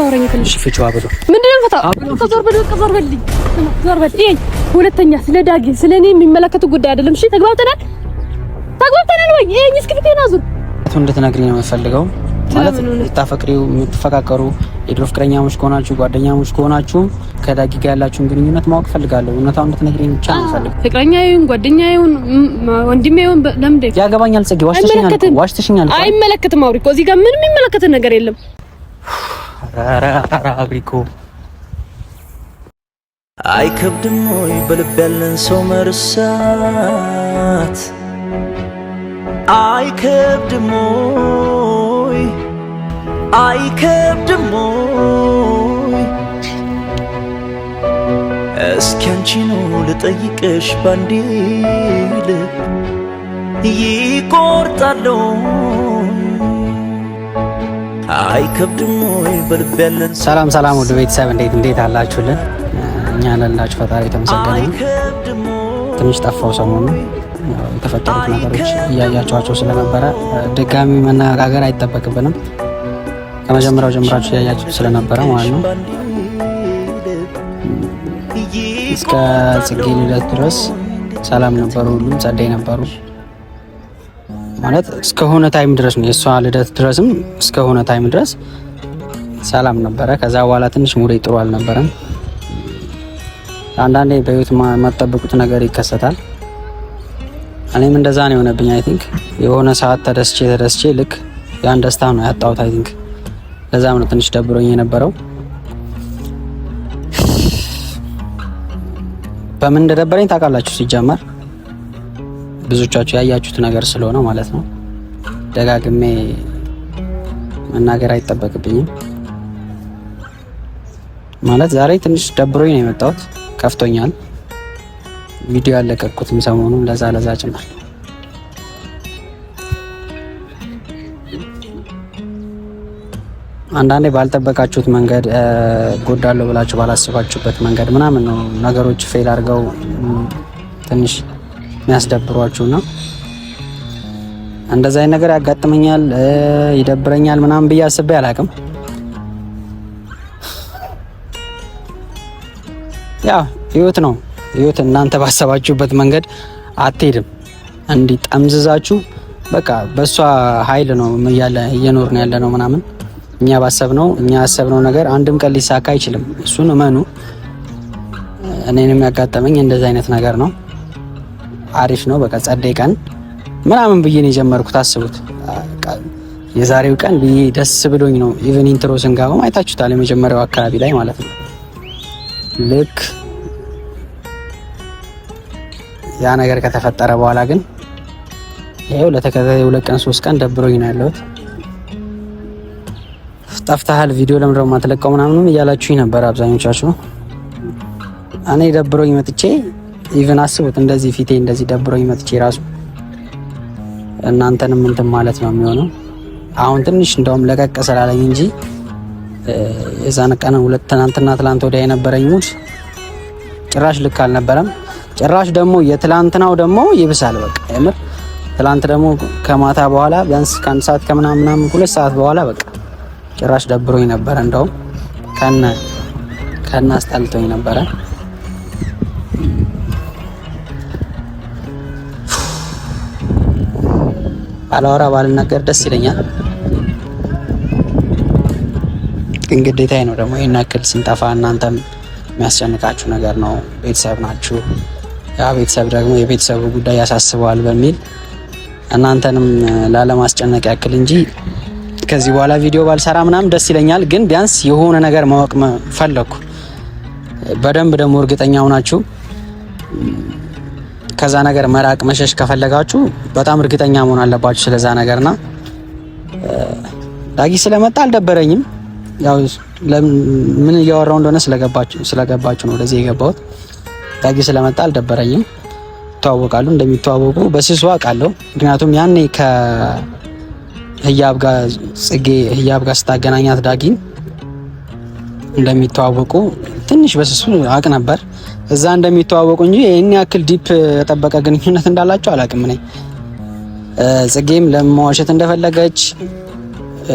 አታወራኝ። ትንሽ ፍቺው አብዶ ምንድን ነው ፈታው? ዞር በል በቃ ዞር በልኝ፣ ዞር በል። ይሄ ሁለተኛ ስለ ዳጊ ስለ እኔ የሚመለከቱ ጉዳይ አይደለም። እሺ ተግባብተናል፣ ተግባብተናል ወይ? ይሄ እስኪ ፊቴን አዙር። እንድትነግሪኝ ነው የምፈልገው ማለት የምታፈቅሪው የምትፈቃቀሩ የድሮ ፍቅረኛሞች ከሆናችሁ ጓደኛሞች ከሆናችሁ ከዳጊ ጋር ያላችሁን ግንኙነት ማወቅ ፈልጋለሁ። እውነታውን እንድትነግሪኝ ብቻ ነው ፈልግ ፍቅረኛ ይሁን ጓደኛ ይሁን ወንድሜ ይሁን ለምደ ያገባኛል። ጽጌ ዋሽተሽኛል፣ ዋሽተሽኛል። አይመለከትም አውሪ እኮ እዚህ ጋር ምንም የሚመለከትን ነገር የለም። አብሪኮ አይከብድም ወይ በልብ ያለን ሰው መርሳት? አይከብድም ወይ አይከብድም ወይ እስኪ አንቺኑ ልጠይቅሽ ባንዴ ልብ ይቆርጣለሁ አይከብድም ወይ በልብ ያለን ሰላም ሰላም፣ ውድ ቤተሰብ እንዴት እንዴት አላችሁልን? እኛ ለላችሁ ፈጣሪ የተመሰገነ። ትንሽ ጠፋው ሰሞኑ የተፈጠሩት ነገሮች እያያቸዋቸው ስለነበረ ድጋሚ መነጋገር አይጠበቅብንም። ከመጀመሪያው ጀምራችሁ እያያቸው ስለነበረ ማለት ነው እስከ ጽጌ ልደት ድረስ ሰላም ነበሩ፣ ሁሉም ጸደይ ነበሩ። ማለት እስከሆነ ታይም ድረስ ነው የእሷ ልደት ድረስም እስከሆነ ታይም ድረስ ሰላም ነበረ። ከዛ በኋላ ትንሽ ሙዴ ጥሩ አልነበረም። አንዳንዴ በህይወት የማጠብቁት ነገር ይከሰታል። እኔም እንደዛ ነው የሆነብኝ። አይ ቲንክ የሆነ ሰዓት ተደስቼ ተደስቼ ልክ ያን ደስታ ነው ያጣሁት። አይ ቲንክ ለዛም ነው ትንሽ ደብሮኝ የነበረው። በምን እንደደበረኝ ታውቃላችሁ ሲጀመር ብዙዎቻችሁ ያያችሁት ነገር ስለሆነ ማለት ነው ደጋግሜ መናገር አይጠበቅብኝም። ማለት ዛሬ ትንሽ ደብሮኝ ነው የመጣሁት፣ ከፍቶኛል። ቪዲዮ ያለቀቅኩትም ሰሞኑን ለዛ ለዛ ጭምር አንዳንዴ ባልጠበቃችሁት መንገድ ጎዳለሁ ብላችሁ ባላስባችሁበት መንገድ ምናምን ነው ነገሮች ፌል አድርገው ትንሽ ነው እንደዚህ አይነት ነገር ያጋጥመኛል፣ ይደብረኛል ምናምን ብዬ አስቤ አላቅም። ያው ህይወት ነው። ህይወት እናንተ ባሰባችሁበት መንገድ አትሄድም። እንዲህ ጠምዝዛችሁ በቃ በእሷ ኃይል ነው እየኖርን ያለ ነው ምናምን እኛ ባሰብነው እኛ ያሰብነው ነገር አንድም ቀን ሊሳካ አይችልም። እሱን እመኑ። እኔንም ያጋጠመኝ እንደዚህ አይነት ነገር ነው። አሪፍ ነው። በቃ ጸደይ ቀን ምናምን ብዬ ነው የጀመርኩት። አስቡት የዛሬው ቀን ብዬ ደስ ብሎኝ ነው። ኢቨን ኢንትሮ ስንጋባም አይታችሁታል፣ የመጀመሪያው አካባቢ ላይ ማለት ነው። ልክ ያ ነገር ከተፈጠረ በኋላ ግን ይኸው ለተከታታይ ሁለት ቀን ሶስት ቀን ደብሮኝ ነው ያለሁት። ጠፍተሃል፣ ቪዲዮ ለምንድነው የማትለቀው ምናምንም እያላችሁኝ ነበር አብዛኞቻችሁ። እኔ ደብሮኝ መጥቼ ኢቨን አስቡት እንደዚህ ፊቴ እንደዚህ ደብሮኝ መጥቼ ራሱ እናንተንም እንትን ማለት ነው የሚሆነው። አሁን ትንሽ እንደውም ለቀቅ ስላለኝ እንጂ የዛን ቀን ሁለት ትናንትና ትላንት ወዲያ የነበረኝ ሙድ ጭራሽ ልክ አልነበረም። ጭራሽ ደግሞ የትላንትናው ደግሞ ይብሳል። በቃ የምር ትላንት ደግሞ ከማታ በኋላ ቢያንስ ከአንድ ሰዓት ከምናምናም ሁለት ሰዓት በኋላ በቃ ጭራሽ ደብሮኝ ነበረ። እንደውም ከነ ከነ አስጠልቶኝ ነበረ። አላወራ ባልናገር ደስ ይለኛል፣ ግን ግዴታዬ ነው። ደግሞ ይህን ያክል ስንጠፋ እናንተም የሚያስጨንቃችሁ ነገር ነው። ቤተሰብ ናችሁ። ያ ቤተሰብ ደግሞ የቤተሰቡ ጉዳይ ያሳስበዋል በሚል እናንተንም ላለማስጨነቅ ያክል እንጂ ከዚህ በኋላ ቪዲዮ ባልሰራ ምናምን ደስ ይለኛል፣ ግን ቢያንስ የሆነ ነገር ማወቅ ፈለግኩ። በደንብ ደግሞ እርግጠኛ ሆናችሁ ከዛ ነገር መራቅ መሸሽ ከፈለጋችሁ በጣም እርግጠኛ መሆን አለባችሁ ስለዛ ነገርና ዳጊ ስለመጣ አልደበረኝም። ያው ምን እያወራው እንደሆነ ስለገባችሁ ነው ወደዚህ የገባሁት። ዳጊ ስለመጣ አልደበረኝም። ይተዋወቃሉ፣ እንደሚተዋወቁ በስሱ አውቃለሁ። ምክንያቱም ያኔ ከህያብ ጋር ጽጌ ህያብ ጋር ስታገናኛት ዳጊን እንደሚተዋወቁ ትንሽ በስሱ አውቅ ነበር። እዛ እንደሚተዋወቁ እንጂ ይህን ያክል ዲፕ የጠበቀ ግንኙነት እንዳላቸው አላውቅም። እኔ ጽጌም ለመዋሸት እንደፈለገች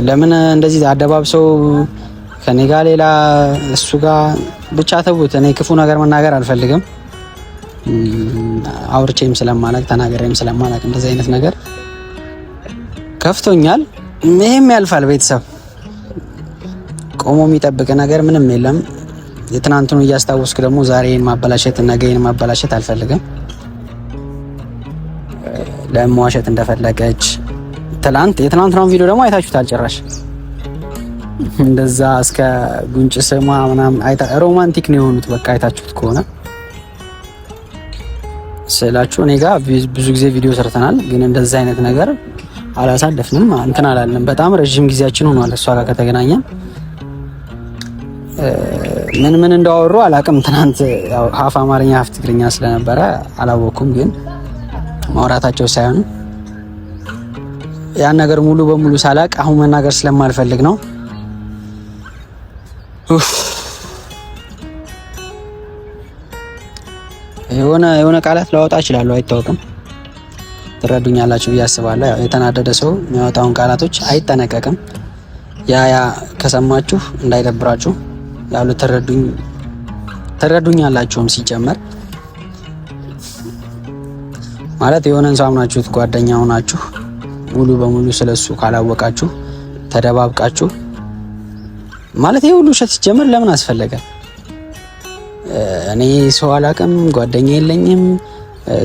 ለምን እንደዚህ አደባብሰው ከኔ ጋር ሌላ እሱ ጋር ብቻ ተውት። እኔ ክፉ ነገር መናገር አልፈልግም። አውርቼም ስለማላቅ ተናገሬም ስለማላቅ እንደዚህ አይነት ነገር ከፍቶኛል። ይህም ያልፋል። ቤተሰብ ቆሞ የሚጠብቅ ነገር ምንም የለም። የትናንቱን እያስታወስክ ደግሞ ዛሬን ማበላሸት እና ነገን ማበላሸት አልፈልግም። ለመዋሸት እንደፈለገች ትላንት የትናንትናውን ቪዲዮ ደግሞ አይታችሁታል። ጭራሽ እንደዛ እስከ ጉንጭ ስማ ምናምን አይታ ሮማንቲክ ነው የሆኑት። በቃ አይታችሁት ከሆነ ስላችሁ እኔ ጋር ብዙ ጊዜ ቪዲዮ ሰርተናል፣ ግን እንደዛ አይነት ነገር አላሳለፍንም፣ እንትን በጣም ረዥም ጊዜያችን ሆኗል እሷ ጋር ከተገናኘን ምን ምን እንዳወሩ አላውቅም ትናንት ሀፍ አማርኛ ሀፍ ትግርኛ ስለነበረ አላወኩም፣ ግን ማውራታቸው ሳይሆን ያን ነገር ሙሉ በሙሉ ሳላቅ አሁን መናገር ስለማልፈልግ ነው። የሆነ የሆነ ቃላት ላወጣ እችላለሁ፣ አይታወቅም። ትረዱኛላችሁ ብዬ አስባለሁ። የተናደደ ሰው የሚያወጣውን ቃላቶች አይጠነቀቅም። ያ ያ ከሰማችሁ እንዳይደብራችሁ ያው ተረዱኝ ትረዱኝ አላችሁም። ሲጨመር ማለት የሆነን ሰው አምናችሁት ጓደኛ ሆናችሁ ሙሉ በሙሉ ስለሱ ካላወቃችሁ ተደባብቃችሁ ማለት ይሄ ሁሉ ውሸት ሲጀመር ለምን አስፈለገ? እኔ ሰው ጓደኛ የለኝም፣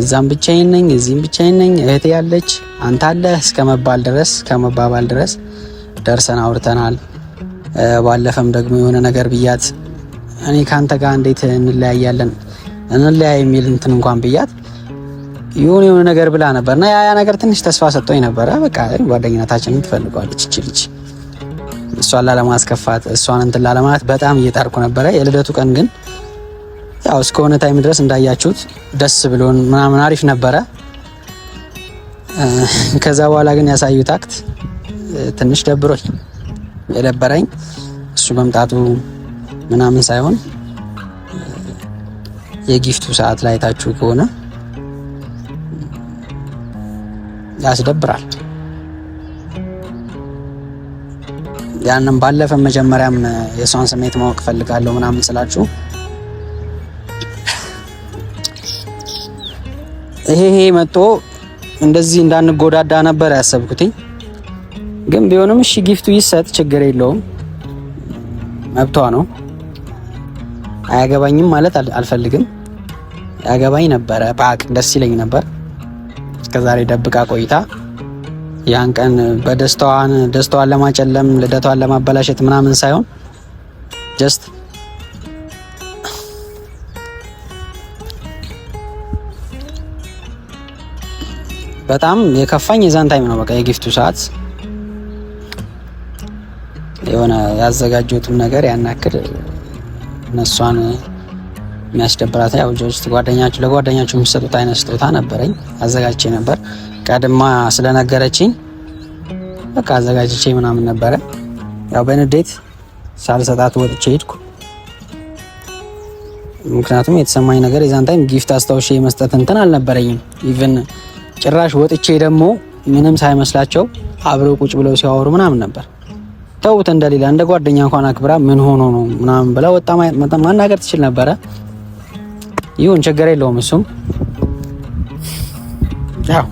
እዛም ብቻዬን ነኝ፣ እዚህም ብቻዬን ነኝ፣ እህቴ ያለች አንተ አለህ እስከ መባል ድረስ ከመባባል ድረስ ደርሰን አውርተናል። ባለፈም ደግሞ የሆነ ነገር ብያት እኔ ከአንተ ጋር እንዴት እንለያያለን እንለያ የሚል እንትን እንኳን ብያት የሆነ የሆነ ነገር ብላ ነበር እና ያ ነገር ትንሽ ተስፋ ሰጥቶኝ ነበረ። በቃ ጓደኝነታችንን ትፈልገዋለች እች ልጅ። እሷን ላለማስከፋት እሷን እንትን ላለማለት በጣም እየጣርኩ ነበረ። የልደቱ ቀን ግን ያው እስከሆነ ታይም ድረስ እንዳያችሁት ደስ ብሎን ምናምን አሪፍ ነበረ። ከዛ በኋላ ግን ያሳዩት አክት ትንሽ ደብሮኝ የደበረኝ እሱ መምጣቱ ምናምን ሳይሆን የጊፍቱ ሰዓት ላይ ታችሁ ከሆነ ያስደብራል። ያንም ባለፈ መጀመሪያም የእሷን ስሜት ማወቅ ፈልጋለሁ ምናምን ስላችሁ ይሄ ይሄ መጥቶ እንደዚህ እንዳንጎዳዳ ነበር ያሰብኩትኝ። ግን ቢሆንም እሺ ጊፍቱ ይሰጥ፣ ችግር የለውም መብቷ ነው። አያገባኝም ማለት አልፈልግም። ያገባኝ ነበረ በአቅ ደስ ይለኝ ነበር። እስከዛሬ ደብቃ ቆይታ ያን ቀን በደስታዋን ደስታዋን ለማጨለም ልደቷን ለማበላሸት ምናምን ሳይሆን ጀስት በጣም የከፋኝ የዛን ታይም ነው። በቃ የጊፍቱ ሰዓት የሆነ ያዘጋጀሁትም ነገር ያናክል እነሷን የሚያስደብራት ያው ጀስት ጓደኛችሁ ለጓደኛችሁ የሚሰጡት አይነት ስጦታ ነበረኝ አዘጋጅቼ ነበር። ቀድማ ስለነገረችኝ በቃ አዘጋጅቼ ምናምን ነበረ። ያው በንዴት ሳልሰጣት ወጥቼ ሄድኩ። ምክንያቱም የተሰማኝ ነገር የዛን ታይም ጊፍት አስታውሼ የመስጠት እንትን አልነበረኝም። ኢቨን ጭራሽ ወጥቼ ደግሞ ምንም ሳይመስላቸው አብረው ቁጭ ብለው ሲያወሩ ምናምን ነበር። ተውት፣ እንደሌላ እንደ ጓደኛ እንኳን አክብራ ምን ሆኖ ነው ምናምን ብላ ወጣ ማናገር ትችል ነበረ። ይሁን ችግር የለውም። እሱም ያው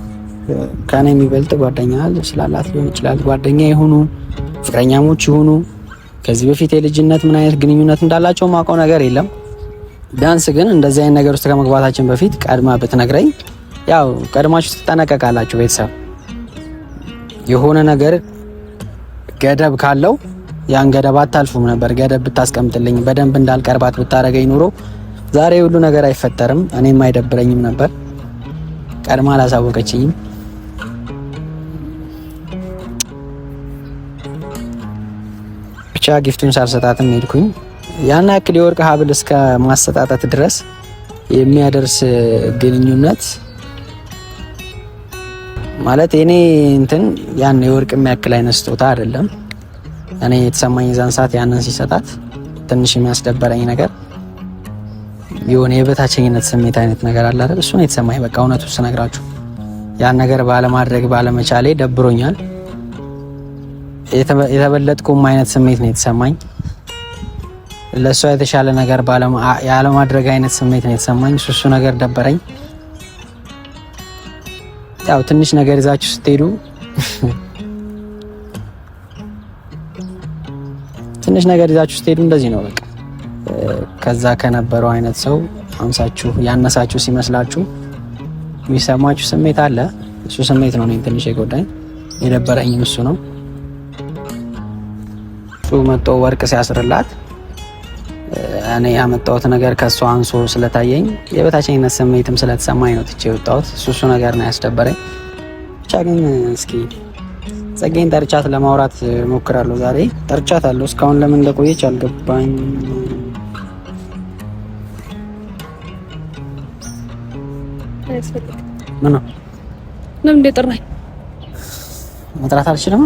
ከኔ የሚበልጥ ጓደኛ ስላላት ሊሆን ይችላል። ጓደኛ የሆኑ ፍቅረኛሞች የሆኑ ከዚህ በፊት የልጅነት ምን አይነት ግንኙነት እንዳላቸው ማውቀው ነገር የለም። ቢያንስ ግን እንደዚህ አይነት ነገር ውስጥ ከመግባታችን በፊት ቀድማ ብትነግረኝ፣ ያው ቀድማችሁ ትጠነቀቃላችሁ ቤተሰብ የሆነ ነገር ገደብ ካለው ያን ገደብ አታልፉም ነበር። ገደብ ብታስቀምጥልኝ በደንብ እንዳልቀርባት ብታደረገኝ ኑሮ ዛሬ ሁሉ ነገር አይፈጠርም፣ እኔም አይደብረኝም ነበር። ቀድማ አላሳወቀችኝም። ብቻ ጊፍቱን ሳልሰጣትም ሄድኩኝ። ያን ያክል የወርቅ ሀብል እስከ ማሰጣጠት ድረስ የሚያደርስ ግንኙነት ማለት እኔ እንትን ያን የወርቅ የሚያክል አይነት ስጦታ አይደለም። እኔ የተሰማኝ የዛን ሰዓት ያንን ሲሰጣት ትንሽ የሚያስደበረኝ ነገር የሆነ የበታቸኝነት ስሜት አይነት ነገር አለ አይደል? እሱን የተሰማኝ በቃ እውነቱ ስነግራችሁ ያን ነገር ባለማድረግ ባለመቻሌ ደብሮኛል። የተበለጥኩም አይነት ስሜት ነው የተሰማኝ። ለእሷ የተሻለ ነገር ያለማድረግ አይነት ስሜት ነው የተሰማኝ። እሱ ነገር ደበረኝ። ያው ትንሽ ነገር ይዛችሁ ስትሄዱ ትንሽ ነገር ይዛችሁ ስትሄዱ እንደዚህ ነው በቃ ከዛ ከነበረው አይነት ሰው አንሳችሁ ያነሳችሁ ሲመስላችሁ የሚሰማችሁ ስሜት አለ። እሱ ስሜት ነው እኔን ትንሽ የጎዳኝ የደበረኝም እሱ ነው። እሱ መጥቶ ወርቅ ሲያስርላት እኔ ያመጣሁት ነገር ከእሷ አንሶ ስለታየኝ የበታችኝነት ስሜትም ስለተሰማኝ ነው ትቼ የወጣሁት። እሱሱ ነገር ነው ያስደበረኝ። ብቻ ግን እስኪ ጸጋዬን ጠርቻት ለማውራት ሞክራለሁ። ዛሬ ጠርቻት አለሁ። እስካሁን ለምን እንደቆየች አልገባኝ። ምን ነው ለምን የጠራኝ? መጥራት አልችልም።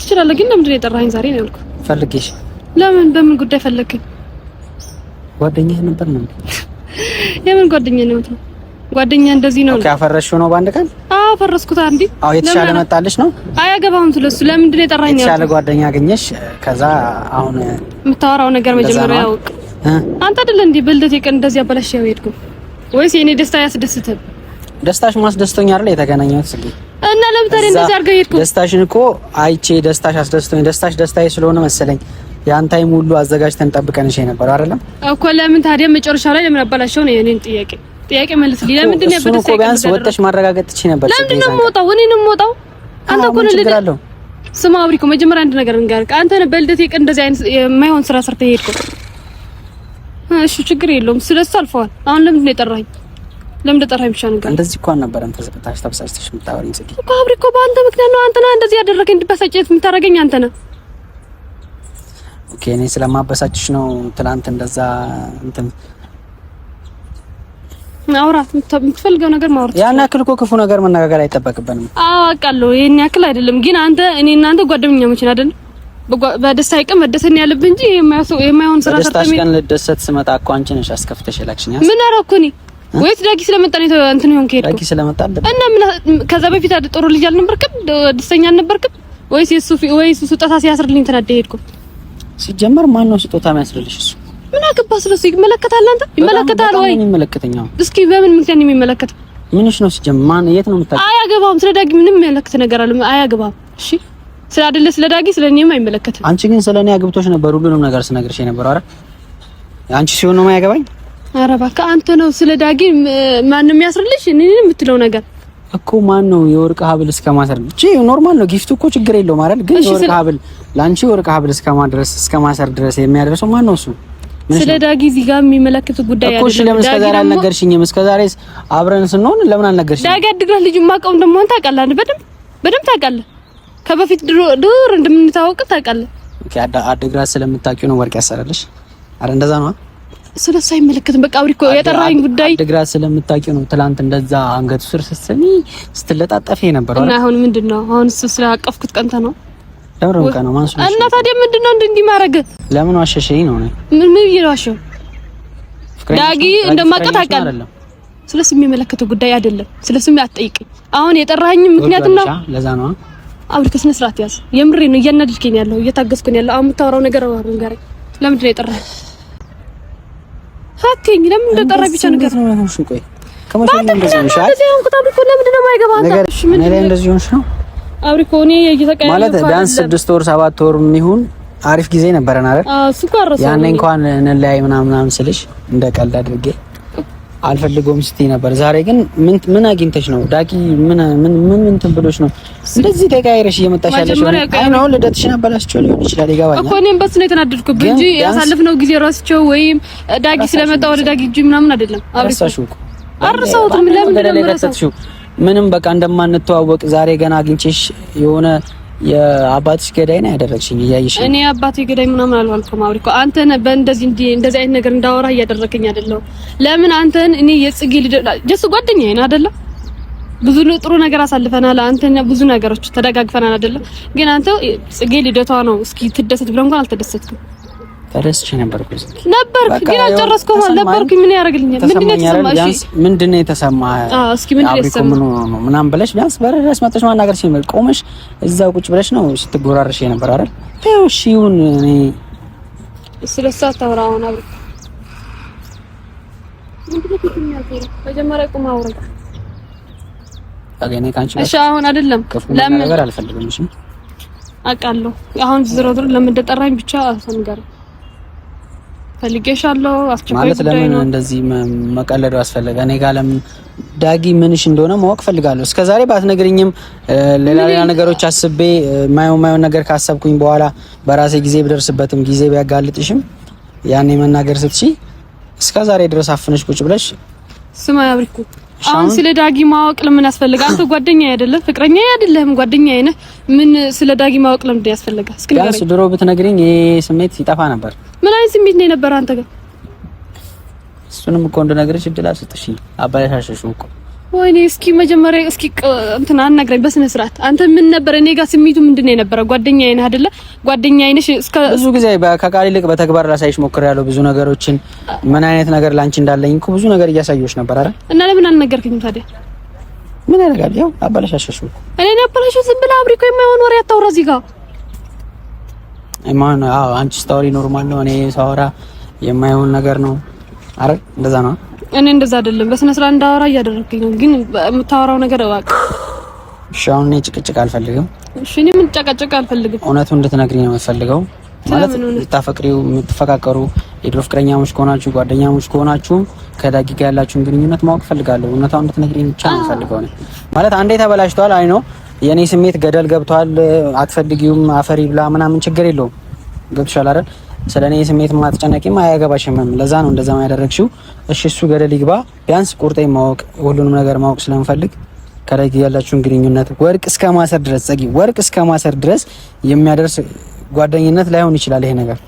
ትችላለህ፣ ግን ለምንድን የጠራኝ ዛሬ ነው ያልኩህ ፈልጌሽ ለምን? በምን ጉዳይ ፈለግኝ? ጓደኛህ ነበር ነው? የምን ጓደኛ ነው? ጓደኛ እንደዚህ ነው? ኦኬ፣ አፈረሽው ነው በአንድ ቀን? አዎ፣ አፈረስኩት። አንዲ አዎ፣ የተሻለ መጣልሽ ነው? አያገባህም ስለሱ። ለምንድን ነው የጠራኸኝ? የተሻለ ጓደኛ አገኘሽ። ከዛ አሁን የምታወራው ነገር መጀመሪያ ያውቅ። አንተ አይደለ እንዴ በልደት የቀን እንደዚህ አበላሽ ያው ሄድኩ ወይስ የኔ ደስታ ያስደስትህ? ደስታሽ ማስደስቶኝ አይደል የተገናኘሁት ስለዚህ እና ለምታሪ ታዲያ እንደዚህ አድርገህ ሄድኩ? ደስታሽን እኮ አይቼ ደስታሽ አስደስቶኝ ደስታሽ ደስታዬ ስለሆነ መሰለኝ ያን ታይም ሁሉ አዘጋጅተን ጠብቀን እሺ ነበር አይደለም እኮ። ለምን ታዲያ መጨረሻ ላይ ለምን አባላሽው ነው የኔን ጥያቄ ጥያቄ መልስ ሊላ ምንድን ነው በደስ እኮ ቢያንስ ወጥተሽ ማረጋገጥ ትችይ ነበር። ለምንድን ነው የምወጣው? እኔ ነው የምወጣው። አንተ እኮ ነው ልደት ስማ፣ አብሪኮ መጀመሪያ አንድ ነገር እንጋርቅ። አንተ በልደት የቀን እንደዚህ አይነት የማይሆን ስራ ሰርተህ ሄድኩ። እሺ ችግር የለውም ስለሱ አልፈዋል። አሁን ለምንድን ነው የጠራኸኝ? ለምን ተጠራኸኝ? ብቻ ነገር እንደዚህ እኮ አልነበረም። ተዘቅታሽ ታብሳሽ ተሽምታው ነው ጽጌ እኮ አብሪኮ፣ በአንተ ምክንያት ነው አንተ ነህ እንደዚህ ያደረገኝ እንድበሳጨት የምታደርገኝ አንተ ነህ። ኦኬ እኔ ስለማበሳጭሽ ነው። ትላንት እንደዛ እንትን ማውራት የምትፈልገው ነገር ማውራት ያን ያክል እኮ ክፉ ነገር መነጋገር አይጠበቅብንም። አዎ አውቃለሁ። ይሄን ያክል አይደለም ግን አንተ እኔ እናንተ ጓደኛሞች ነን አይደል? በደስታ ቀን መደሰት ነው ያለብህ እንጂ የማይሆን ስራ ደስታሽ ቀን ልደሰት ስመጣ እኮ አንቺ ነሽ አስከፍተሽ የላክሽኝ። ምን አደረኩ እኔ? ወይስ ዳጊ ስለመጣ ነው እንትን ይሆን ከሄድኩ ዳጊ ስለመጣ እና ምን ከዛ በፊት ጥሩ ልጅ አልነበርክም? ደስተኛ አልነበርክም? ወይስ የሱ ወይስ ስጦታ ሲያስርልኝ ተናደ ሄድኩ ሲጀመር ማን ነው ስጦታ የሚያስርልሽ? እሱ ምን አገባ ስለሱ ይመለከታል። አንተ ይመለከታል ወይ ይመለከተኛል? እስኪ በምን ምክንያት ነው የሚመለከተው? ምንሽ ነው ሲጀመር? ማን የት ነው የምታውቀው? አያገባም። ስለ ዳጊ ምንም የሚመለከት ነገር አለ? አያገባም። እሺ ስለ አይደለ ስለ ዳጊ ስለ እኔም አይመለከትም። አንቺ ግን ስለ እኔ አግብቶሽ ነበር ሁሉንም ነገር ስነግርሽ የነበረው አረ አንቺ ሲሆን ነው የማያገባኝ? አረ እባክህ አንተ ነው ስለ ዳጊ ማን ነው የሚያስርልሽ? እኔ የምትለው ነገር እኮ ማን ነው የወርቅ ሀብል እስከ ማሰር እቺ ኖርማል ነው። ጊፍት እኮ ችግር የለውም አይደል? ግን የወርቅ ሀብል ላንቺ የወርቅ ሀብል እስከ ማድረስ እስከ ማሰር ድረስ የሚያደርሰው ማን ነው? እሱ ስለ ዳጊ እዚህ ጋር የሚመለከቱ ጉዳይ አይደለም። እሺ ለምን እስከ ዛሬ አልነገርሽኝም? እስከ ዛሬ አብረን ስንሆን ለምን አልነገርሽኝ ዳጊ አድግራት ልጅ ማቀው እንደምሆን ታውቃለህ? በደምብ በደምብ ታውቃለህ። ከበፊት ድሮ እንደምንታወቅ ታውቃለህ። ኦኬ አድግራት ስለምታውቂው ነው ወርቅ ያሰራልሽ። አረ እንደዛ ነው። ስለሱ አይመለከትም። በቃ አብሪኮ እኮ የጠራኝ ጉዳይ ድግራ ስለምታውቂው ነው። ትናንት እንደዛ አንገቱ ስር ስትሰሚ ስትለጣጠፊ ነበር እና አሁን ምንድን ነው አሁን እሱ ስላቀፍኩት ቀንተ ነው ለምን ቀን ነው ማንሱ እና ታዲያ ምንድን ነው እንዲህ ማረግ ለምን ዋሸሽኝ ነው ነው ምን ምን ይራሽ ዳጊ እንደማቀት አውቃለሁ። ስለሱ የሚመለከተው ጉዳይ አይደለም። ስለሱ አትጠይቅኝ። አሁን የጠራኝ ምክንያት ነው። ለዛ ነው አብሪኮ ከስነ ስርዓት ያዝ። የምሬ ነው። እያናደድከኝ ያለው እየታገስኩኝ ያለው አሁን የምታወራው ነገር አሁን ጋር ለምንድን ነው የጠራኝ? ሀከኝ ለምን እንደጠራ ብቻ ነገር ነው። ነው ቆይ ከመቼም ነው። ቢያንስ ስድስት ወር ሰባት ወር የሚሆን አሪፍ ጊዜ ነበረን አይደል? ያኔ እንኳን እንለያይ ምናምን ምናምን ስልሽ እንደ ቀልድ አድርጌ አልፈልገውም ስትይ ነበር። ዛሬ ግን ምን ምን አግኝተሽ ነው ዳቂ? ምን ምን ምን እንትን ነው እንደዚህ ተቀያይረሽ እየመጣሽ ያለሽ? አይ ነው ልደትሽን አበላሽቸው ሊሆን ይችላል። ይገባኛል እኮ እኔም በሱ ነው የተናደድኩብህ እንጂ ያሳለፍነው ጊዜ ራስቸው ወይም ዳቂ ስለመጣ ወደ ዳቂ እጅ ምናምን አይደለም። አብረሳሽ እኮ አርሰውት ምን ለምን ምንም በቃ እንደማንተዋወቅ ዛሬ ገና አግኝቼሽ የሆነ የአባትሽ ገዳይ ነው ያደረግሽኝ እያየሽ እኔ አባቴ ገዳይ ምናምን አልዋልኩም። አውሪ እኮ አንተ በእንደዚህ እንደዚህ አይነት ነገር እንዳወራ እያደረገኝ አይደለሁም። ለምን አንተን እኔ የጽጌ ጀስ ጓደኛዬ ነህ አይደለ? ብዙ ጥሩ ነገር አሳልፈናል። አንተ ብዙ ነገሮች ተደጋግፈናል አይደለ? ግን አንተ ጽጌ ልደቷ ነው እስኪ ትደሰት ብለህ እንኳን አልተደሰትኩም። ረስቼ ነበርኩ ነበርክ፣ ግን አልጨረስኩም። ነበርኩ ምን ያደርግልኛል? ምንድን ነው የተሰማህ? እሺ ምንድን ነው የተሰማህ? አዎ እስኪ ምንድን ነው የተሰማህ ምናምን ብለሽ ቢያንስ በር ድረስ መጥተሽ ማናገር ሲል ቆመሽ እዛው ቁጭ ብለሽ ነው ስትጎራረሽ የነበር አይደል? ተይው፣ እሺ ይሁን። እኔ ስለ እሷ አታውራ አሁን አብረን መጀመሪያ ቁም አውሪ። እኔ ከአንቺ ጋር እሺ አሁን አይደለም ለምን ነገር አልፈልግም። እሺ አውቃለሁ። አሁን ዝሮዝሮ ለምን እንደጠራኝ ብቻ አልሰንገርም ፈልጌሻለሁ። ማለት ለምን እንደዚህ መቀለዱ አስፈለገ? እኔ ጋ ለምን ዳጊ ምንሽ እንደሆነ ማወቅ ፈልጋለሁ። እስከዛሬ ባትነግርኝም ሌላ ሌላ ነገሮች አስቤ ማየው ማየው ነገር ካሰብኩኝ በኋላ በራሴ ጊዜ ብደርስበትም ጊዜ ቢያጋልጥሽም ያኔ መናገር ስትሺ እስከዛሬ ድረስ አፍነሽ ቁጭ ብለሽ ስማ ያብሪኩ አሁን ስለ ዳጊ ማወቅ ለምን ያስፈልጋል? አንተ ጓደኛዬ አይደለም ፍቅረኛዬ አይደለም ጓደኛዬ ነህ። ምን ስለ ዳጊ ማወቅ ለምን ያስፈልጋል? እስኪ ንገረኝ። ድሮ ብትነግሪኝ ይሄ ስሜት ይጠፋ ነበር። ምን አይነት ስሜት ነው የነበረ አንተ ጋር? እሱንም እኮ እንደነገርሽ እድል አልሰጥሽኝ፣ አበላሻሽሽው እኮ ወይኔ እስኪ መጀመሪያ እስኪ እንትን አናግራኝ በስነ ስርዓት። አንተ ምን ነበር እኔ ጋር ስሜቱ ምንድነው የነበረ? ጓደኛዬ ነህ አይደለ? ጓደኛዬ ነሽ። እስከ ብዙ ጊዜ ከቃል ይልቅ በተግባር ላሳይሽ ሞክሬያለሁ። ብዙ ነገሮችን ምን አይነት ነገር ላንቺ እንዳለኝ እኮ ብዙ ነገር እያሳየሁሽ ነበር አረ እና ለምን አልነገርከኝም ታዲያ? ምን ያደርጋል ያው አበላሻሸሽ እኮ እኔ ነው አበላሻሽ። ዝም ብለህ አብሪኮ የማይሆን ወሬ አታውራ እዚህ ጋር ማን። አዎ አንቺ ስታወሪ ኖርማል ነው፣ እኔ ሳወራ የማይሆን ነገር ነው አረ እንደዛ ነው እኔ እንደዛ አይደለም። በስነ ስርዓት እንዳወራ እያደረግኝ ነው፣ ግን የምታወራው ነገር እባክህ። እሺ፣ አሁን እኔ ጭቅጭቅ አልፈልግም። እሺ፣ እኔ ምን ጨቀጭቅ አልፈልግም። እውነቱን እንድትነግሪኝ ነው የምፈልገው። ማለት የምታፈቅሪው የምትፈቃቀሩ የድሮ ፍቅረኛሞች ከሆናችሁ ጓደኛሞች ከሆናችሁ ከዳጊ ጋር ያላችሁን ግንኙነት ማወቅ ፈልጋለሁ። እውነታውን እንድትነግሪኝ ብቻ ነው የምፈልገው። ማለት አንዴ ተበላሽቷል። አይ ነው የእኔ ስሜት ገደል ገብቷል። አትፈልጊውም፣ አፈሪ ብላ ምናምን ችግር የለውም። ገብቶሻል አይደል? ስለ እኔ ስሜት ማትጨነቂም አያገባሽምም። ለዛ ነው እንደዛ ያደረግሽው። እሺ እሱ ገደል ይግባ። ቢያንስ ቁርጤ ማወቅ ሁሉንም ነገር ማወቅ ስለምፈልግ ከላይ ያላችሁን ግንኙነት ወርቅ እስከ ማሰር ድረስ ጸጊ፣ ወርቅ እስከ ማሰር ድረስ የሚያደርስ ጓደኝነት ላይሆን ይችላል ይሄ ነገር።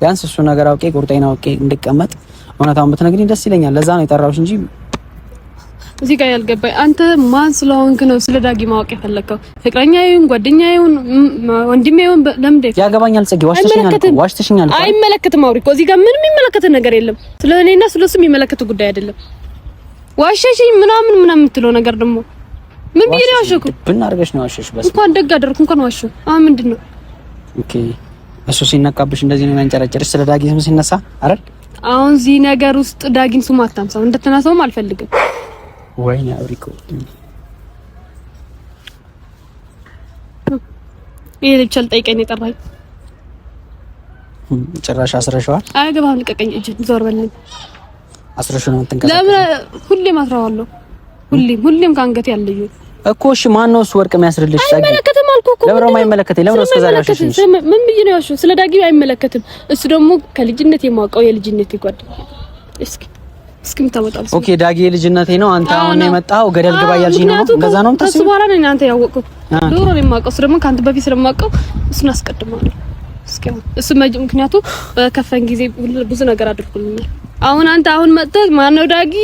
ቢያንስ እሱ ነገር አውቄ ቁርጤን አውቄ እንድቀመጥ እውነታውን ብትነግሪኝ ደስ ይለኛል። ለዛ ነው የጠራሁሽ እንጂ እዚህ ጋር ያልገባኝ አንተ ማን ስለሆንክ ነው ስለ ዳጊ ማወቅ የፈለከው? ፍቅረኛ ይሁን ጓደኛ ይሁን ወንድሜ ይሁን ለምን ደግ ያገባኛል። ጽጌ ዋሽተሽኛል። አይመለከትም። አውሪ እኮ እዚህ ጋር ምንም የሚመለከት ነገር የለም። ስለ እኔና ስለ እሱ የሚመለከት ጉዳይ አይደለም። ዋሸሽኝ ምናምን ምናምን የምትለው ነገር ደግሞ ምን ብዬሽ ነው ያሸኩ? ብን ነው ዋሸሽ። በስ እንኳን ደግ አደረኩ እንኳን ዋሸ። አሁን ምንድን ነው ኦኬ፣ እሱ ሲነካብሽ እንደዚህ ነው የሚያንጨረጭርሽ። ስለ ዳጊ ስም ሲነሳ አይደል? አሁን እዚህ ነገር ውስጥ ዳጊን ስም አታንሳው። እንድትነሳውም አልፈልግም ወይን አብሪቆ ይሄ ልጅ አልጠይቀኝ የጠራኝ ጭራሽ አስረሽዋል። አያገባህም፣ ልቀቀኝ፣ እጅ ዞር በልልኝ። አስረሽው ነው የምትንቀሳቀስ? ለምን ሁሌም አስረዋለሁ። ሁሌም ሁሌም ከአንገቴ ያለዩ እኮ። እሺ ማን ነው እሱ ወርቅ የሚያስርልሽ? አይመለከትም አልኩህ እኮ። ለምን አይመለከትም? ለምን ነው እስከዛሬ ያልሽሽ? ምን ብዬሽ ነው ያልሽው? ስለ ዳጊ አይመለከትም። እሱ ደግሞ ከልጅነት የማውቀው የልጅነት ይጓድ እስኪ እስከምታወጣው ኦኬ። ዳጊ ልጅ ነው። አንተ አሁን የመጣው ገደል ግባ እያልሽ ነው። እንደዛ ነው በኋላ ነው ያወቅኩት። ዶሮ ነው የማውቀው። እሱ ደግሞ ከአንተ በፊት ስለማውቀው እሱን አስቀድማለሁ። እስኪ እሱ ምክንያቱ በከፈን ጊዜ ብዙ ነገር አድርጎልኛል። አሁን አንተ አሁን መጥተህ ዳጊ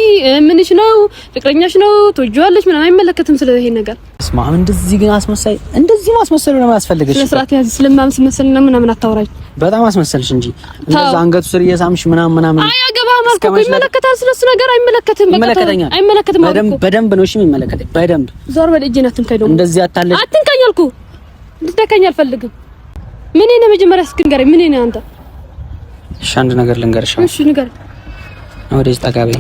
ምንሽ ነው ፍቅረኛሽ ነው ትወጂዋለሽ ምናምን አይመለከትም። ስለ ይሄ ነገር ስማ፣ እንደዚህ ግን አስመሳይ እንደዚህ ማስመሰል ነው ስለ ስርዓት ያዝ ስለማምስ መሰል ነው ምናምን አታወራኝ በጣም አስመሰልሽ እንጂ እንደዛ አንገቱ ስር እየሳምሽ ምናምን ምናምን። አይ አገባህም አልኩህ። ይመለከታል፣ ስለሱ ነገር አይመለከትም። በቃ ይመለከተኛል፣ አይመለከትም። በደንብ በደንብ ነው እሺ፣ የሚመለከተኝ በደንብ። ዞር በል፣ እጄን አትንካኝ። ደግሞ እንደዚህ አታለሽ፣ አትንካኝ አልኩህ። እንድትነካኝ አልፈልግም። ምን ነው መጀመሪያ እስኪ ንገረኝ፣ ምን ነው አንተ? እሺ አንድ ነገር ልንገርሽ። እሺ ንገረኝ። ወደዚህ ጠጋ በይ።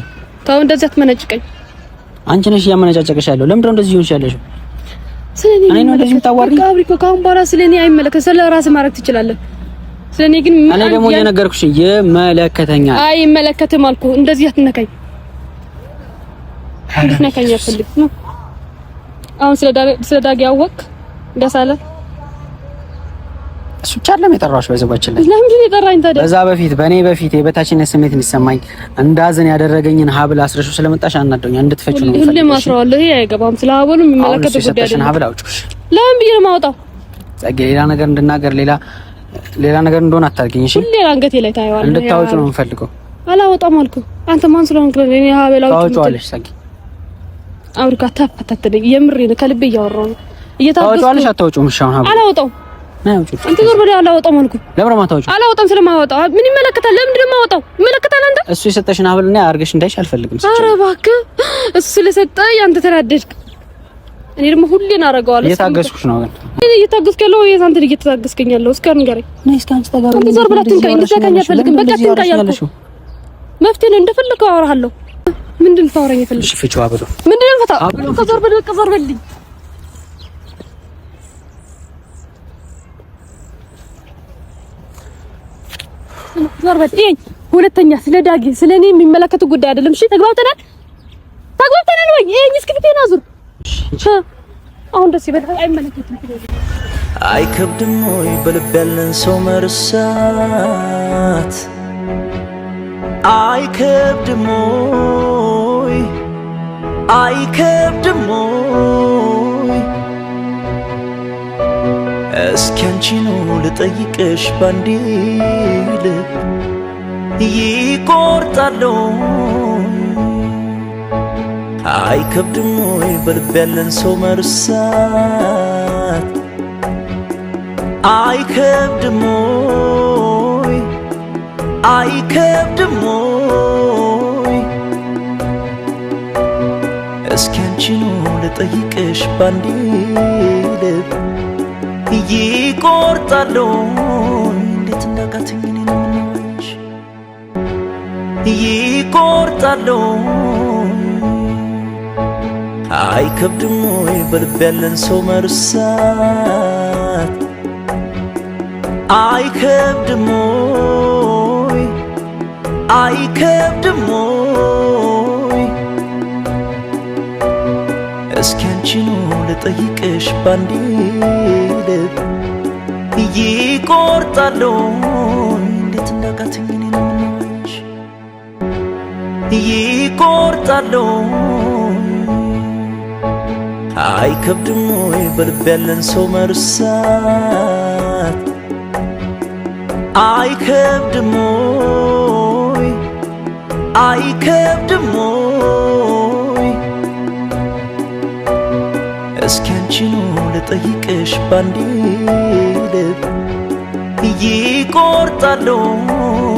ተው፣ እንደዚህ አትመነጭቀኝ። አንቺ ነሽ እያመነጫጨቀሽ ያለው። ለምንድን ነው እንደዚህ ሆንሽ ያለሽው? ስለኔ ነው እንደዚህ የምታዋሪኝ? ካብሪኮ ካሁን በኋላ ስለኔ አይመለከት፣ ስለ ራስህ ማድረግ ትችላለህ። ስለኔ ግን እኔ ደግሞ እየነገርኩሽ ይመለከተኛል። አይ ይመለከትም አልኩህ። እንደዚህ አትነካኝ፣ አትነካኝ አልፈልግም ነው። አሁን ስለ ዳጊ አወቅ ደሳለ አለ። እሱ ብቻ አይደለም የጠራሁሽ። በዘባችን ላይ ለምን ግን የጠራኝ ታዲያ? በዛ በፊት በእኔ በፊት የበታችነት ስሜት እንዲሰማኝ እንዳዝን ያደረገኝን ሀብል አስረሹ ስለመጣሽ አናደውኛል። እንድትፈጭ ነው ሁሌ ማስረዋለሁ። ይሄ አይገባም። ስለ ሀብሉ የሚመለከት ጉዳይ አይደለም። ሀብል አውጪው። ለምን ብዬሽ ነው የማወጣው? ጸጌ፣ ሌላ ነገር እንድናገር ሌላ ሌላ ነገር እንደሆነ አታርጊኝ። እሺ፣ ሁሌ አንገቴ ላይ ታየዋለህ። እንድታወጪ ነው የምፈልገው። አላወጣም አልኩ። አንተ ማን ስለሆንክ ነው? እኔ ሀበላው ታወጪዋለሽ። ሳቂ፣ አውሪካ ታፈታተደኝ። የምሬ ነው፣ ከልቤ እያወራሁ ነው። እየታገስኩ ታወጪዋለሽ። አታወጪውም? እሺ፣ አሁን አላወጣም አንተ ዞር በለው። አላወጣም አልኩህ። ለምን ማታወጪው? አላወጣም ስለማወጣው ምን ይመለከታል? ለምን ነው የማወጣው? ይመለከታል። አንተ እሱ የሰጠሽን ሀብል እኔ አድርገሽ እንዳይሽ አልፈልግም። ኧረ እባክህ፣ እሱ ስለሰጠኝ አንተ ተናደድክ። እኔ ደግሞ ሁሌን አደርገዋለሁ። እየታገስኩሽ ነው ግን እኔ እየታገስኩ ያለው የዛን ትልቅ እየታገስከኝ ያለው እስከ ንገረኝ። ነይስ ካንቺ ተጋሩ ነው ዘር ብላት ትንካኝ እንድትዘጋኝ አልፈልግም። በቃ ትንካኝ አልኩሽ። መፍትሄን እንደፈለከው አወራሃለሁ። ምንድን ታወራኝ የፈለግሽ? እሺ ፍቺው አብሎ ምንድን ፈታ ከዞር በል በቃ ዞር በልኝ። ዞር በል እኔ ሁለተኛ ስለ ዳጊ ስለ እኔ የሚመለከቱ ጉዳይ አይደለም። እሺ ተግባብተናል፣ ተግባብተናል ወይ? እኔ እስክሪፕቴን አዙር አሁን ደስ ይበል። አይመለከትም። አይከብድም ወይ በልብ ያለን ሰው መርሳት? አይከብድም ወይ አይከብድም ወይ? እስኪ አንቺኑ ልጠይቅሽ ባንዴ ልብ ይቆርጣለሁ አይከብድም ወይ በልብ ያለን ሰው መርሳት? አይከብድም ወይ አይከብድም ወይ? እስኪ አንቺኑ ልጠይቅሽ ባንዲ ልብ ይቆርጣለሁ እንዴት እንዳቃተኝ ነው ምናወራሽ አይከብድም ወይ በልብ ያለን ሰው መርሳት? አይከብድም ወይ አይከብድም ወይ? እስኪ አንቺኑ ልጠይቅሽ ባንዴ ልብ ይቆርጣለሁ እንዴት እንዳቃተኝ ይቆርጣለሁ አይከብድም ወይ በልብ ያለን ሰው መርሳት? አይ ወይ አይ ወይ? እስኪ አንቺኑ ልጠይቅሽ ባንዲ ልብ ይቆርጣለሁ